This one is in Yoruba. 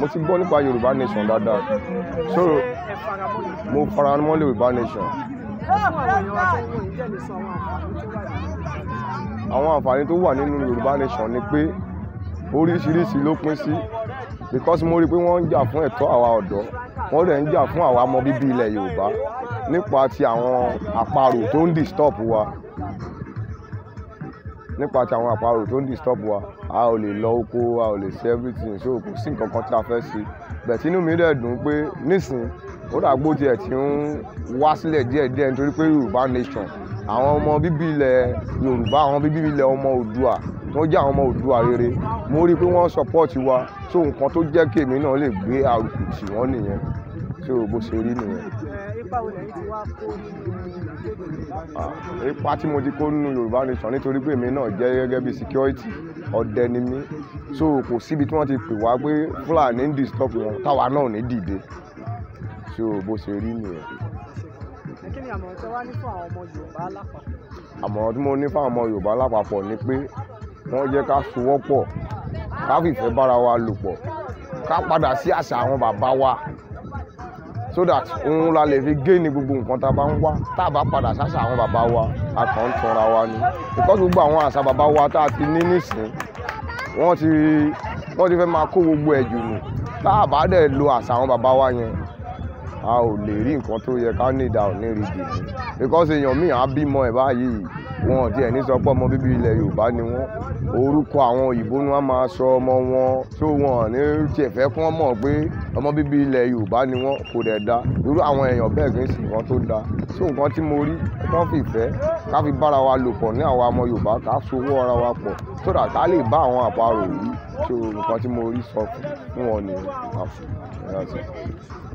mo ti gbọ́ nípa yorùbá nation dáadáa so mo fara mọ́ yorùbá nation. àwọn àǹfààní tó wà nínú yorùbá nation ni pé oríṣiríṣi ló pín sí because mo rí i pé wọ́n ń jà fún ẹ̀tọ́ àwa ọ̀dọ́ wọ́n dẹ̀ ń jà fún àwa ọmọ bíbí ilẹ̀ yorùbá nípa ti àwọn àparò tó ń disturb wa nípa ti àwọn àparò tó ń disturb wa a ò lè lọ oko a ò lè ṣe everything so kò sí nǹkan kan tí a fẹ́ ṣe bẹ̀tí inú mi dẹ̀ dùn pé nísìn ó dàgbò tiẹ̀ ti ń wá sílẹ̀ díẹ̀díẹ̀ nítorí pé Yorùbá nation àwọn ọmọ bíbí ilẹ̀ Yorùbá àwọn bíbí ilẹ̀ ọmọ Oòduà tó jẹ́ àwọn ọmọ Oòduà rere mo rí i pé wọ́n support wa so nǹkan tó jẹ́ kèmí náà lè gbé àrùkù tì wọ́n nìyẹn so bó ṣe rí nìyẹn. ipa wo lẹ́yìn tí wàá kó nínú ah, ipa tí mo ti kó nínú Yorùbá Nation nítorí pé èmi náà jẹ́ gẹ́gẹ́ bí security ọdẹ ni mí so kò síbi tí wọ́n ti pè wá pé Fúlàní ń disturb wọn táwa náà ní dìde so bó ṣe rí nìyẹn. kí ni àmọ̀ràn tí wàá ní fún àwọn ọmọ Yorùbá lápapọ̀. àmọ̀ràn tí mo ní fún àwọn ọmọ Yorùbá lápapọ̀ ni pé wọ́n jẹ́ ká sowọ́pọ̀ ká fìfẹ́ bára wa lò pọ̀ ká padà sí àṣà àwọn bàbá wa so that òun la lè fi gé ní gbogbo nǹkan tá a bá ń wá tá a bá padà sáṣà àwọn bàbá wa a kàn ń tanra wa ni because gbogbo àwọn àṣà bàbá wa tá a ti ní nísìn wọ́n ti wọ́n ti fẹ́ máa kó gbogbo ẹ̀ nù tá a bá dẹ̀ lo àṣà àwọn bàbá wa yẹn a ò lè rí nǹkan tó yẹ ká ní ìdá ò rí dìbò because èèyàn míì á bímọ ẹ̀ báyìí wọn ò tiẹ̀ ní sọ pé ọmọ bíbí ilẹ̀ Yorùbá ni wọ́n orúkọ àwọn òyìnbó ni wọ́n máa sọ ọmọ wọn tó wọn ò ní tiẹ̀ fẹ́ kún ọmọ pé ọmọ bíbí ilẹ̀ Yorùbá ni wọ́n kò dẹ̀ da irú àwọn èèyàn bẹ́ẹ̀ kì í sì nǹkan tó da so nǹkan tí mo rí tó fi fẹ́ ká fi bára wa lò pọ̀ ní àwa ọmọ Yorùbá ká sowó ara wa pọ̀ so that ká lè bá àwọn àparò yìí so nǹkan tí mo rí sọ fún wọn nìyẹn.